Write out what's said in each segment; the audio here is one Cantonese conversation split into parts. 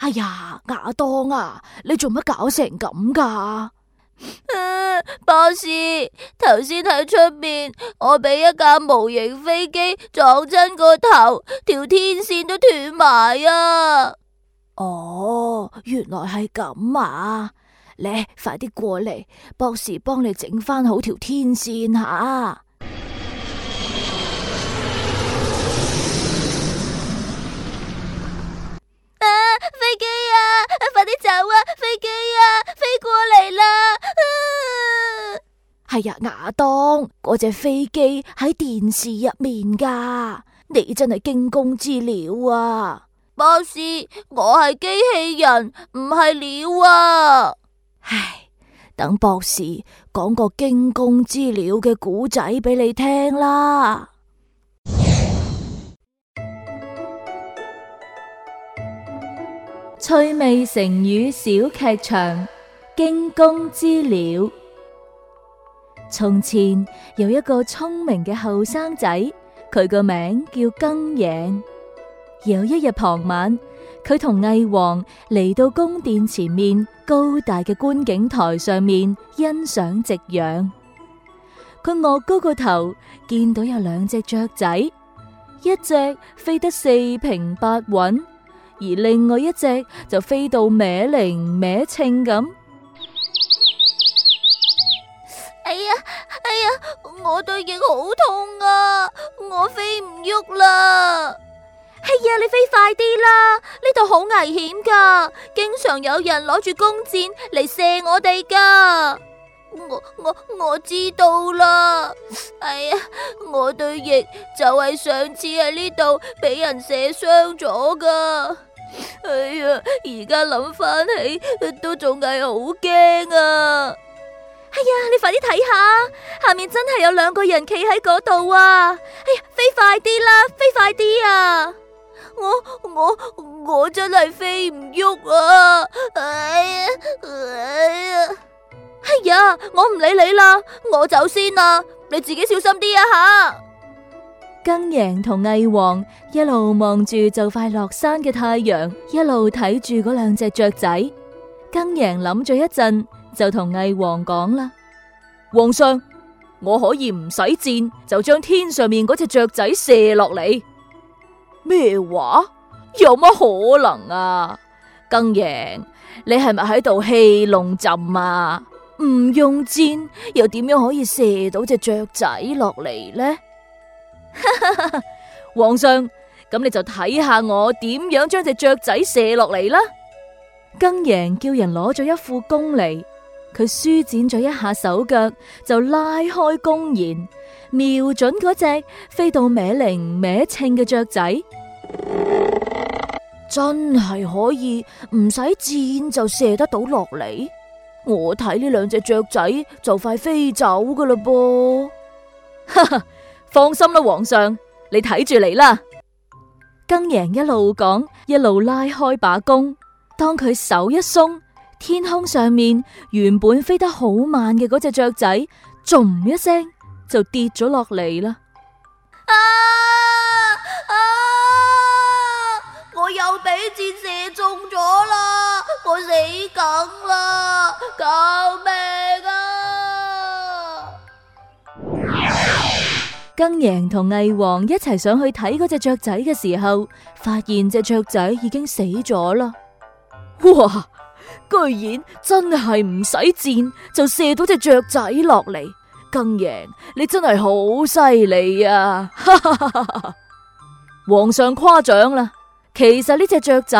哎呀，亞當啊，你做乜搞成咁噶？啊，博士，頭先喺出面，我俾一架模型飛機撞親個頭，條天線都斷埋啊！哦，原來係咁啊！你快啲過嚟，博士幫你整翻好條天線吓。係呀，亞當嗰隻飛機喺電視入面噶，你真係驚弓之鳥啊！博士，我係機器人，唔係鳥啊！唉，等博士講個驚弓之鳥嘅故仔俾你聽啦。趣味成語小劇場：驚弓之鳥。從前有一個聰明嘅後生仔，佢個名叫更羸。有一日傍晚，佢同魏王嚟到宮殿前面高大嘅觀景台上面欣賞夕陽。佢昂高個頭，見到有兩隻雀仔，一隻飛得四平八穩，而另外一隻就飛到咩零咩稱咁。係啊，哎呀，哎呀，我對翼好痛啊，我飛唔喐啦。哎呀，你飛快啲啦，呢度好危險噶，經常有人攞住弓箭嚟射我哋噶。我我我知道啦。哎呀，我對翼就係上次喺呢度俾人射傷咗噶。哎呀，而家諗翻起都仲係好驚啊！哎呀，你快啲睇下，下面真係有兩個人企喺嗰度啊！哎呀，飛快啲啦，飛快啲啊！我我我真係飛唔喐啊！哎呀，哎呀，哎呀，我唔理你啦，我走先啦，你自己小心啲啊吓！更羸同魏王一路望住就快落山嘅太陽，一路睇住嗰兩隻雀仔。更羸諗咗一陣。就同魏王講啦，皇上，我可以唔使箭就將天上面嗰隻雀仔射落嚟。咩話？有乜可能啊？更羸，你係咪喺度戲弄朕啊？唔用箭又點樣可以射到隻雀仔落嚟呢？皇上，咁你就睇下我點樣將隻雀仔射落嚟啦。更羸叫人攞咗一副弓嚟。佢舒展咗一下手腳，就拉開弓弦，瞄準嗰隻飛到歪零歪稱嘅雀仔， 真係可以唔使箭就射得到落嚟。我睇呢兩隻雀仔就快飛走噶啦噃， 放心啦，皇上，你睇住嚟啦。更羸一路講，一路拉開把弓，當佢手一鬆。天空上面原本飛得好慢嘅嗰隻雀仔，仲唔一聲就跌咗落嚟啦！啊，我又俾箭射中咗啦！我死梗啦！救命啊！更贏同魏王一齊上去睇嗰隻雀仔嘅時候，發現隻雀仔已經死咗啦！哇！居然真係唔使箭就射到隻雀仔落嚟，更羸你真係好犀利啊！ 皇上誇獎啦，其實呢隻雀仔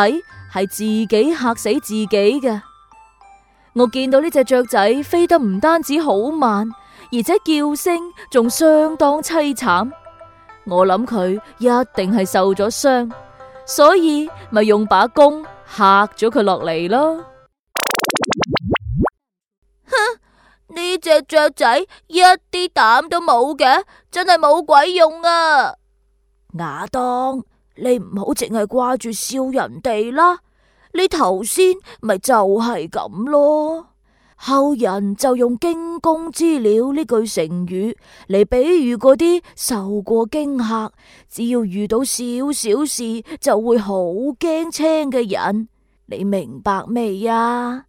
係自己嚇死自己嘅。我見到呢隻雀仔飛得唔單止好慢，而且叫聲仲相當淒慘。我諗佢一定係受咗傷，所以咪用把弓嚇咗佢落嚟咯。呢隻雀仔一啲膽都冇嘅，真係冇鬼用啊！亞當，你唔好淨係掛住笑人哋啦。你頭先咪就係咁咯。後人就用驚弓之鳥呢句成語嚟比喻嗰啲受過驚嚇，只要遇到少少事就會好驚青嘅人。你明白未呀？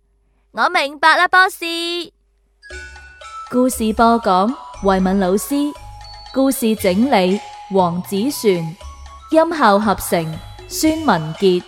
我明白啦，波士。故事播講：惠敏老師，故事整理：黃子璇，音效合成：孫文杰。